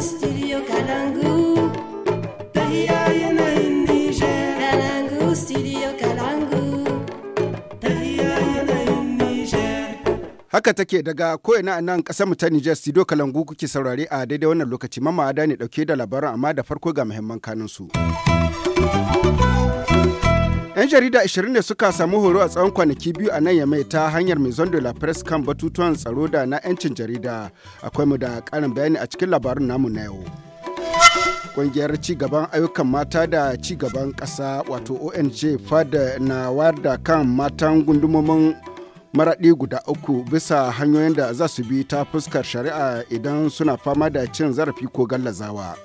studio Haka take daga koyana a nan kasar mu ta Nijar studio Kalangu kuke saurare a daidai wannan lokaci mamma ada ne dauke da labaran amma da farko ga muhimman kanunsu. su. 'Yan jarida 20 ne suka samu horo a tsawon kwanaki biyu a nan ya mai ta hanyar mai de la press kan batutuwan tsaro da na 'yancin jarida. Akwai mu da ƙarin bayani a cikin labarin namu na yau. Ƙungiyar cigaban ayyukan mata da cigaban ƙasa wato ONG fada na wayar da kan matan gundumomin maraɗi guda uku bisa hanyoyin da za su bi ta fuskar shari'a idan suna fama da cin zarafi ko gallazawa.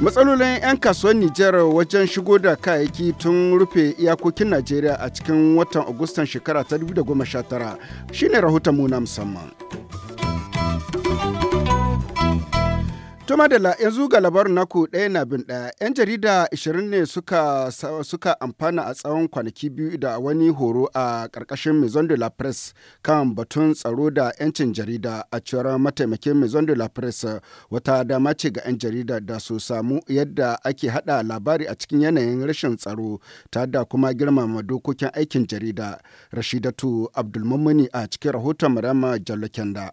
matsalolin 'yan kasuwar nijar wajen shigo da kayayyaki tun rufe iyakokin najeriya a cikin watan agustan shekara ta 2019 shine rahoton mu na musamman To Madalla yanzu ga labarin naku ɗaya na bin ɗaya. 'Yan jarida 20 ne suka, suka amfana a tsawon kwanaki biyu da wani horo a ƙarƙashin Maison de la Presse kan batun tsaro da 'yancin jarida a cewar mataimakin Maison de la Presse wata dama ce ga 'yan jarida da su samu yadda ake haɗa labari a cikin yanayin rashin tsaro ta da kuma girmama dokokin aikin jarida. Rashidatu Abdulmumuni a cikin rahoton Marama Jallo Kenda.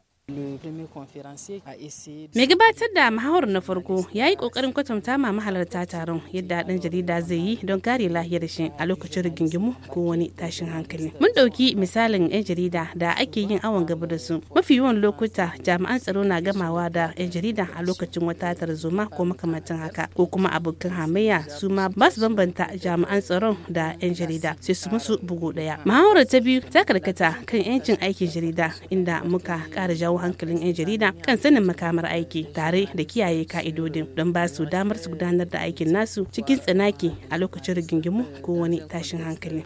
Mai gabatar da mahawar na farko ya yi kokarin kwatanta ma mahalarta taron yadda ɗan jarida zai yi don kare lahiyar shi a lokacin rigingimu ko wani tashin hankali. Mun ɗauki misalin 'yan jarida da ake yin awon gaba da su. Mafi yawan lokuta jami'an tsaro na gamawa da 'yan jarida a lokacin wata tarzoma ko makamantan haka ko kuma abokan hamayya su ma ba su bambanta jami'an tsaro da 'yan jarida sai su musu bugu ɗaya. Mahawar ta biyu ta karkata kan 'yancin aikin jarida inda muka ƙara jawo jawo hankalin 'yan jarida kan sanin makamar aiki tare da kiyaye ka'idodin don ba su damar su gudanar da aikin nasu cikin tsanaki a lokacin rigingimu ko wani tashin hankali.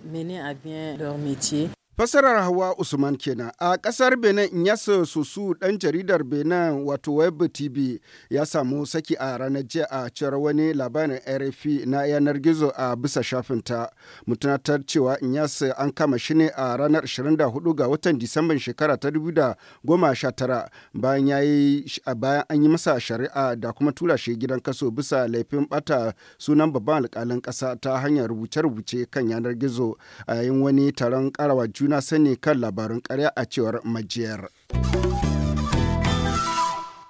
Fasarar Hawa Usman kenan a kasar Benin yasa susu dan jaridar Benin wato Web TV ya samu saki a ranar jiya a cewar wani labarin RFI na yanar gizo a bisa shafin ta. Mutunatar cewa yasa an kama shi ne a ranar 24 ga watan Disamban shekara ta 2019 bayan yayi bayan an yi masa shari'a da kuma tura shi gidan kaso bisa laifin bata sunan babban alkalin kasa ta hanyar rubuce-rubuce kan yanar gizo a yayin wani taron karawa juna sani kan labarun karya a cewar majiyar.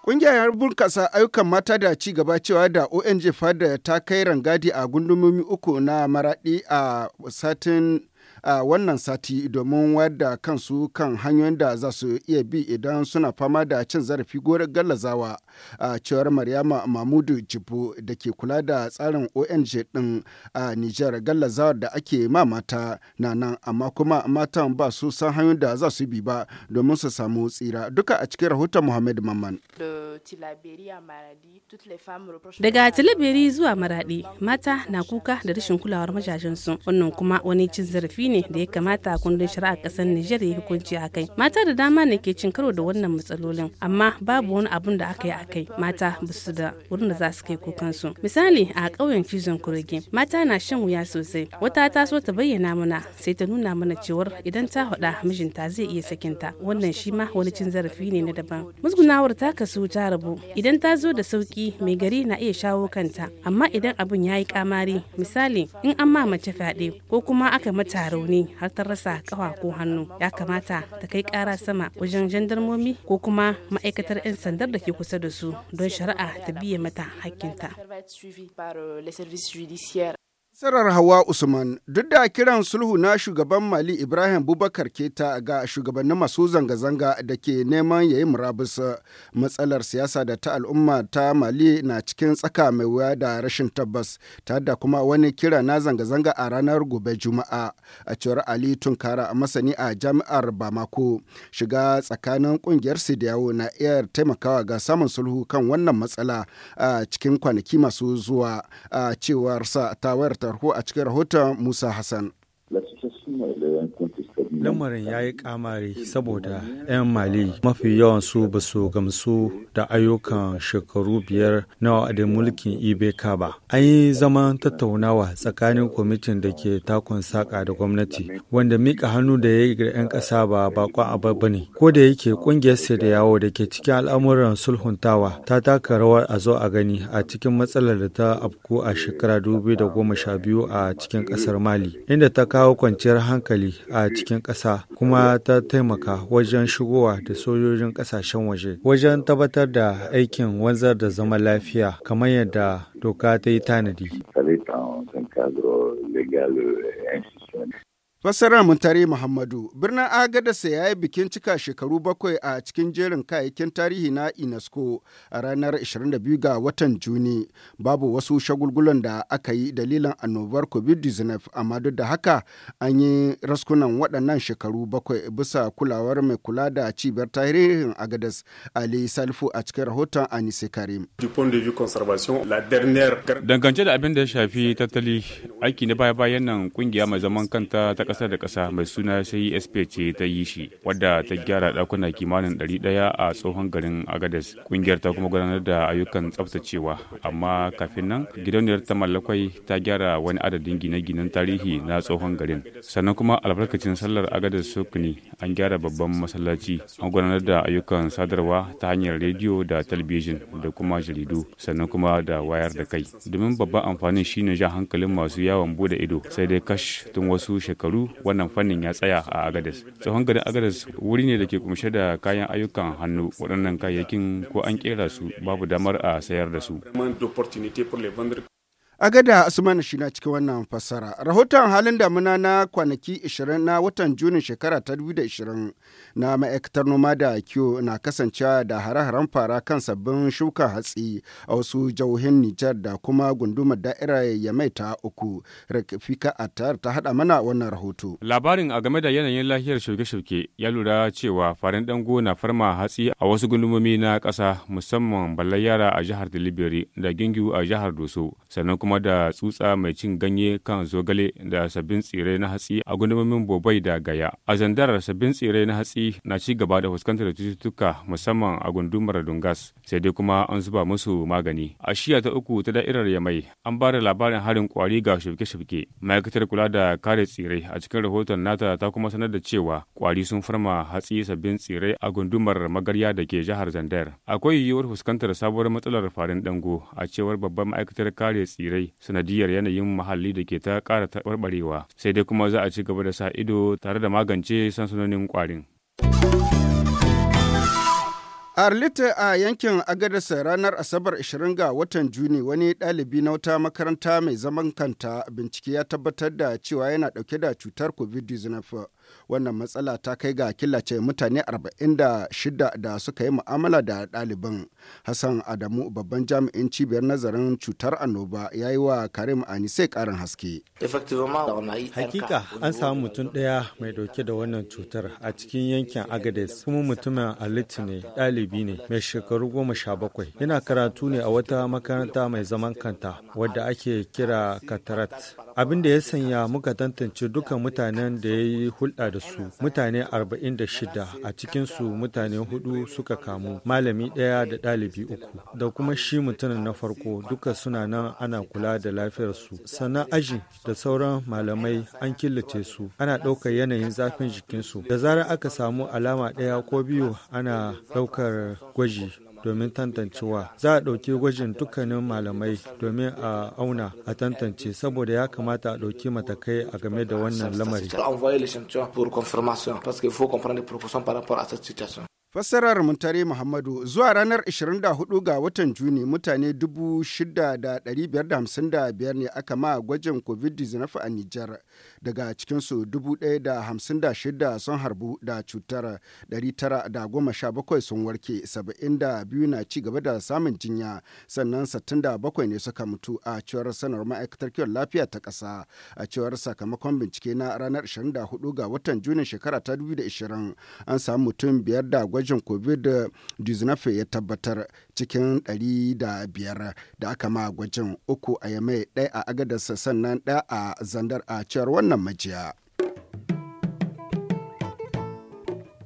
Ƙungiyar bunƙasa ayyukan mata da ci gaba cewa da ONG fada ta kai rangadi a gundumomi uku na maraɗi a satin a wannan sati domin wadda da kansu kan hanyoyin da za su iya bi idan suna fama da cin zarafi gore gallazawa a cewar Maryama Mahmudu Jibo da ke kula da tsarin ONG din a Nijar gallazawa da ake ma mata na nan amma kuma matan ba su san hanyoyin da za su bi ba domin su samu tsira duka a cikin rahoton Muhammad Mamman. Daga Tilaberi zuwa Maradi mata na kuka da rashin kulawar majajensu wannan kuma wani cin zarafi ne ne da ya kamata a kundin shari'a ƙasar Nijar ya hukunci a kai. Mata da dama ne ke cin karo da wannan matsalolin amma babu wani abun da aka yi a kai. Mata ba su da wurin da za su kai kukansu. Misali a ƙauyen Cizon Kurege mata na shan wuya sosai. Wata ta so ta bayyana mana sai ta nuna mana cewar idan ta haɗa mijinta zai iya sakinta wannan shi ma wani cin zarafi ne na daban. Musgunawar ta kasu ta rabu idan ta zo da sauki mai gari na iya shawo kanta amma idan abun ya yi kamari misali in an ma mace fyaɗe ko kuma aka mata rauni har ta rasa kawa ko hannu ya kamata ta kai kara sama wajen jandarmomi ko kuma ma'aikatar 'yan sandar da ke kusa da su don shari'a ta biye mata hakkinta Sarar Hawa Usman duk da kiran sulhu na shugaban Mali Ibrahim Bubakar Keta ga shugabannin masu zanga-zanga da ke neman yayi murabus matsalar siyasa da ta al'umma ta Mali na cikin tsaka mai wuya da rashin tabbas ta da kuma wani kira na zanga-zanga a ranar gobe Juma'a a cewar Ali Tunkara a masani a jami'ar Bamako shiga tsakanin kungiyar Sidiyawo na iya taimakawa ga samun sulhu kan wannan matsala a cikin kwanaki masu zuwa a cewar sa ta wayar tarho a cikin rahoton Musa Hassan. lamarin ya yi kamari saboda 'yan mali mafi yawan su ba su gamsu da ayyukan shekaru biyar na wa'adin mulkin ibeka ba an yi zaman tattaunawa tsakanin kwamitin da ke takon saka da gwamnati wanda mika hannu da ya yi ga 'yan ƙasa ba bakon abu ba ne ko da yake ƙungiyar sai da yawo da ke cikin al'amuran sulhuntawa ta taka rawar a zo a gani a cikin matsalar da ta afku a shekara dubu da goma sha biyu a cikin ƙasar mali inda ta kawo kwanciyar hankali a cikin ƙasa kuma ta taimaka wajen shigowa da sojojin ƙasashen waje wajen tabbatar da aikin wanzar da zama lafiya kamar yadda doka ta yi tanadi. Fassarar Muntari Muhammadu Birnin Agadarsa ya yi bikin cika shekaru bakwai a cikin jerin kayayyakin tarihi na UNESCO a ranar 22 ga watan Juni. Babu wasu shagulgulan da aka yi dalilin annobar COVID-19 amma duk da haka an yi raskunan waɗannan shekaru bakwai bisa kulawar mai kula da cibiyar tarihin Agadas Ali Salifu a cikin rahoton Anise Karim. Dangance da abin da ya shafi tattali aiki na baya-bayan nan kungiya mai zaman kanta ta kasa da kasa mai suna e SP ce ta yi shi, wadda ta gyara dakuna kimanin 100 a tsohon garin agadas Ƙungiyar ta kuma gudanar da ayyukan tsaftacewa, amma kafin nan gidauniyar ta mallakwai ta gyara wani adadin gine-ginen tarihi na tsohon garin. Sannan kuma albarkacin sallar agadas Sokuni an gyara babban masallaci, an gudanar da ayyukan sadarwa ta hanyar rediyo da talabijin da kuma jaridu, sannan kuma da wayar da kai. Domin babban amfanin shine jan hankalin masu yawon bude ido, sai dai kash tun wasu shekaru shekaru wannan fannin ya tsaya a agadas Tsohon garin agadas wuri ne da ke kumshe da kayan ayyukan hannu waɗannan kayayyakin ko an kera su babu damar a sayar da su. a Agada Asman shi na cikin wannan fassara. Rahoton halin damuna na kwanaki 20 na watan Junin shekara ta 2020 na ma'aikatar noma da kiwo na kasancewa da hare-haren fara kan sabbin shuka hatsi a wasu jauhin Nijar da kuma gundumar ya mai ta uku. Rafika Attar ta hada mana wannan rahoto. Labarin a game da yanayin lafiyar shuke-shuke ya lura cewa farin dango na farma hatsi a wasu gundumomi na ƙasa musamman balayara a jihar Deliberi da Gingu a jihar Doso sannan kuma kuma da tsutsa mai cin ganye kan zogale da sabbin tsirai na hatsi a gundumomin bobai da gaya a zandarar sabbin tsirai na hatsi na ci gaba da fuskantar cututtuka musamman a gundumar dungas sai dai kuma an zuba musu magani a shiya ta uku ta da'irar yamai an ba da labarin harin kwari ga shuke-shuke ma'aikatar kula da kare tsirai a cikin rahoton nata ta kuma sanar da cewa kwari sun farma hatsi sabbin tsirai a gundumar magarya da ke jihar zandar akwai yiwuwar fuskantar sabuwar matsalar farin dango a cewar babban ma'aikatar kare tsirai jarirai sanadiyar yanayin muhalli da ke ta ƙara taɓarɓarewa sai dai kuma za a ci gaba da sa ido tare da magance sansanonin kwarin. a arlita a yankin agadasa ranar asabar 20 ga watan juni wani ɗalibi na wata makaranta mai zaman kanta bincike ya tabbatar da cewa yana ɗauke da cutar covid-19 Wannan matsala ta kai ga killace mutane 46 da suka yi mu'amala da ɗalibin. Hassan Adamu babban jami'in cibiyar nazarin cutar annoba ya yi wa Karim Anise karin haske. Hakika an samu mutum ɗaya mai dauke da wannan cutar a cikin yankin Agades kuma mutumin Alit ne ɗalibi ne mai shekaru goma sha bakwai. Yana karatu ne a wata makaranta mai zaman kanta wadda ake kira Katarat. Abin da ya sanya muka tantance dukkan mutanen da ya yi hulɗa hulɗa da su mutane 46 a cikinsu mutane hudu suka kamu malami ɗaya da ɗalibi uku da kuma shi mutumin na farko duka suna nan ana kula da lafiyarsu sannan aji da sauran malamai an killace su ana ɗaukar yanayin zafin jikinsu da zarar aka samu alama ɗaya ko biyu ana ɗaukar gwaji domin tantancewa za a ɗauki gwajin dukkanin malamai domin a auna a tantance saboda ya kamata a ɗauki matakai a game da wannan lamari Fassarar Muntare Muhammadu zuwa ranar 24 ga watan Juni mutane 6,555 ne aka ma gwajin COVID-19 a Nijar, daga cikinsu 1,056 sun harbu da cutar 917 sun warke, 72 na ci gaba da samun jinya, sannan 67 ne suka mutu a cewar sanar ma'aikatar kiwon lafiya ta ƙasa a cewar sakamakon bincike na ranar 24 ga watan Juni shekara ta 2020 an samu mutum biyar da gwajin gwajin covid-19 ya tabbatar cikin 500 da aka ma gwajin uku a yamai ɗaya a agadarsa sannan ɗaya a zandar a cewar wannan majiya.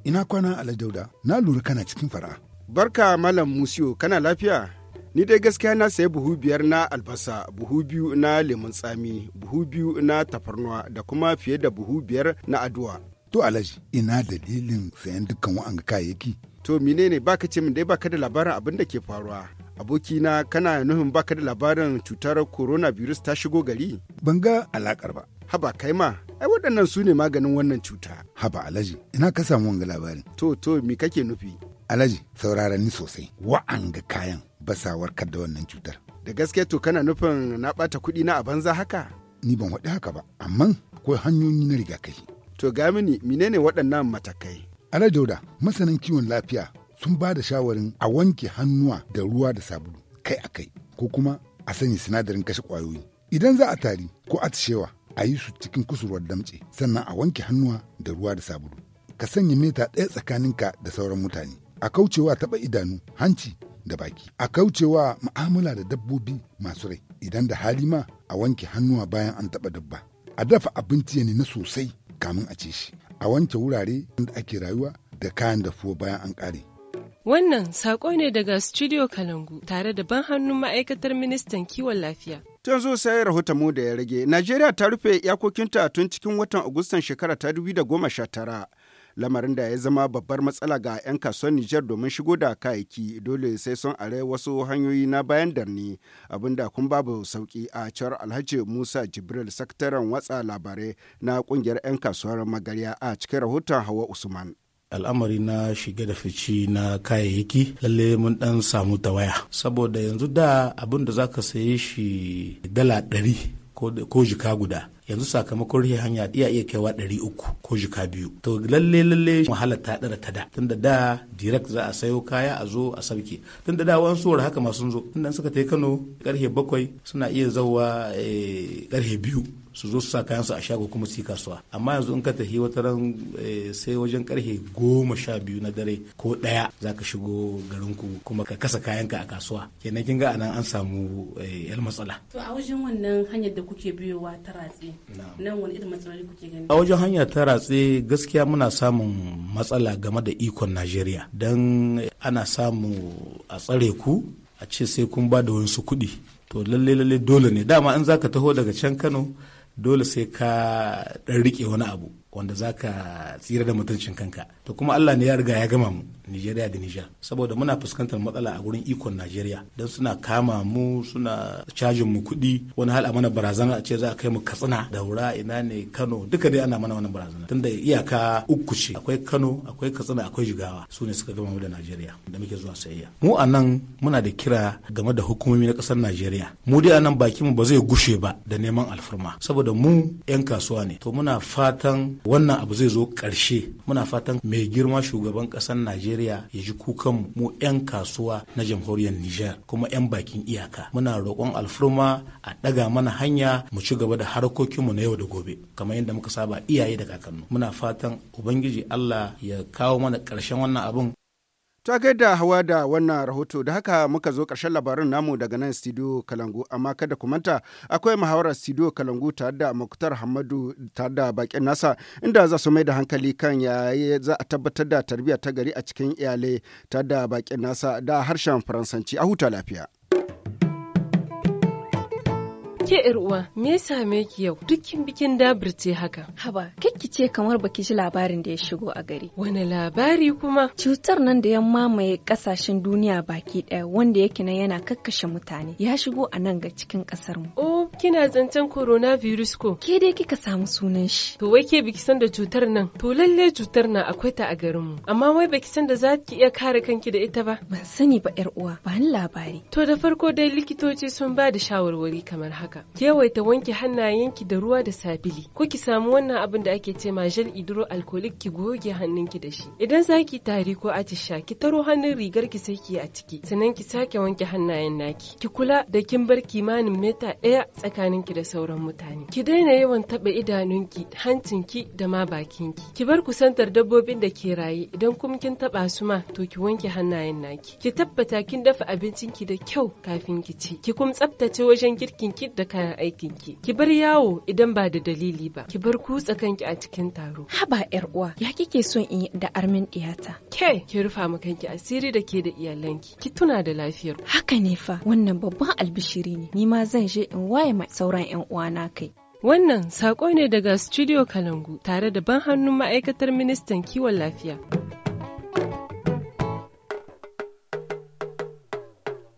Ina kwana dauda na lura kana cikin fara. Barka Malam musio kana lafiya? ni dai gaskiya na sayi buhu biyar na albasa buhu biyu na lemun tsami buhu biyu na tafarnuwa da kuma fiye da buhu biyar na aduwa To alaji ina dalilin sayan dukkan wa'an kayayyaki. To menene baka ce min dai baka da labarin abin da ke faruwa. Abokina kana nufin baka da labarin cutar coronavirus ta shigo gari? Ban ga alakar ba. Haba kai ma, ai waɗannan su ne maganin wannan cuta. Haba alaji, ina ka samu wanga labarin. To to me kake nufi? Alaji, saurara ni sosai. Wa'anga kayan basawar da wannan cutar. Da gaske to kana nufin na bata kuɗi na a banza haka? Ni ban waɗi haka ba, amma akwai hanyoyi na rigakafi. To ga mini menene waɗannan matakai? Ana Dauda, masanin kiwon lafiya sun ba da shawarin a wanke hannuwa da ruwa da sabulu kai a kai ko kuma a sanya sinadarin kashe kwayoyi. Idan za a tari ko atishewa a yi su cikin kusurwar damtse sannan a wanke hannuwa da ruwa da sabulu. Ka sanya mita ɗaya tsakaninka da sauran mutane. A kaucewa taɓa idanu, hanci da baki. A kaucewa ma'amala da dabbobi masu rai. Idan da hali ma a wanke hannuwa bayan an taɓa dabba. A dafa abinci ya na sosai kamun a ci shi a wanke wurare da ake rayuwa da kayan dafuwa bayan an ƙare. Wannan saƙo ne daga Studio Kalangu tare da ban hannun ma'aikatar ministan kiwon lafiya. Tun zo sai rahoton mu da ya rage, Najeriya ta rufe iyakokinta tun cikin watan Agustan shekara ta tara. lamarin da ya zama babbar matsala ga 'yan kasuwar Nijar domin shigo da kayayyaki dole sai sun are wasu hanyoyi na bayan darni abinda kun babu sauki a cewar Alhaji Musa Jibril sakataren watsa labarai na kungiyar 'yan kasuwar Magarya a cikin rahoton Hawa Usman. al'amari na shige da fici na kayayyaki lalle mun dan samu ta waya. saboda yanzu da abin da zaka sayi shi dala ɗari ko jika guda yanzu sakamakon rufe hanya iya iya kaiwa ɗari uku ko jika biyu to lalle lalle wahala ta ɗara ta da tunda da direct za a sayo kaya a zo a sabke tunda da wani suwar haka masu zo tunda suka tai kano karfe bakwai suna iya zauwa eh, karfe biyu su zo su sa kayan su a shago kuma su yi kasuwa amma yanzu in ka tafi wata ran eh, sai wajen karfe goma sha biyu na dare ko ɗaya za ka shigo garin ku kuma ka kasa kayanka a kasuwa kenan kin ga anan an samu eh, yar matsala. to a wajen wannan hanyar da kuke biyowa ta ratse nan wani irin matsaloli kuke gani. a wajen hanya ta ratse gaskiya muna samun matsala game da ikon najeriya dan ana samu a tsare ku a ce sai kun ba da wasu kuɗi to lalle lalle dole ne dama in ka taho daga can kano dole sai ka ɗan riƙe wani abu wanda za ka tsira da mutuncin kanka to kuma Allah ne ya riga ya gama mu Nigeria da Niger saboda muna fuskantar matsala a gurin ikon Nigeria don suna kama mu suna cajin mu kuɗi wani hal a mana barazana a ce za a kai mu Katsina Daura ina ne Kano duka dai ana mana wani barazana tunda iyaka uku ce akwai Kano akwai Katsina akwai Jigawa su ne suka gama mu da Nigeria da muke zuwa sayayya mu a nan muna da kira game da hukumomi na kasar Nigeria mu dai a nan bakin mu ba zai gushe ba da neman alfarma saboda mu 'yan kasuwa ne to muna fatan wannan abu zai zo ƙarshe muna fatan mai girma shugaban ƙasar najeriya ya ji kukan mu 'yan kasuwa na jamhuriyar niger kuma 'yan bakin iyaka muna roƙon alfurma a ɗaga mana hanya mu ci gaba da harkokinmu na yau da gobe kamar yadda muka saba iyaye da kakanni muna fatan ubangiji allah ya kawo mana ƙarshen wannan abun Ta gaida hawa da wannan rahoto da haka muka zo ƙarshen labarin namu daga nan studio Kalangu amma kada ku manta akwai muhawarar studio Kalangu tare da Muktar Hamadu tare da bakin nasa inda za su mai da hankali kan yaya za a tabbatar da tarbiyya ta gari a cikin iyalai tare da bakin nasa da harshen Faransanci a huta lafiya. Ke uwa me ya same ki yau dukkin bikin ce haka? Haba, ce kamar baki ji labarin da ya shigo a gari. Wani labari kuma? Cutar nan da ya mamaye kasashen duniya baki ɗaya wanda yake nan yana kakkashe mutane ya shigo a nan ga cikin ƙasarmu. Oh Kina zancen virus ko? Ke dai kika samu sunan shi. To wai ke biki san da cutar nan? To lalle cutar nan akwai ta a garin mu Amma wai baki san da zaki iya kare kanki da ita ba? Ban sani ba yar uwa, ba ni labari. To da farko dai likitoci sun ba da shawarwari kamar haka. Ki yawaita wanke hannayenki da ruwa da sabili. Ko ki samu wannan abin da ake ce ma gel hydroalcoholic ki goge hannunki da shi. Idan zaki ki tari ko atisha, ki taro hannun rigar ki sai ki a ciki. Sannan ki sake wanke hannayen naki. Ki kula da kin bar kimanin mita ɗaya tsakaninki da sauran mutane ki daina yawan taɓa idanunki hancinki da ma bakinki ki bar kusantar dabbobin da ke raye idan kuma kin taɓa su ma to ki wanke hannayen naki ki tabbata kin dafa abincinki da kyau kafin ki ci ki kuma tsaftace wajen girkinki da kayan aikinki ki bar yawo idan ba da dalili ba ki bar kutsa kanki a cikin taro haba yar uwa ya kike son in da armin ɗiyata ke ki rufa ma kanki asiri da ke da iyalanki ki tuna da lafiyar haka ne fa wannan babban albishiri ne ni ma zan je in waya kai ma sauran 'yan uwana kai. Wannan saƙo ne daga Studio Kalangu tare da ban hannun ma'aikatar ministan kiwon lafiya.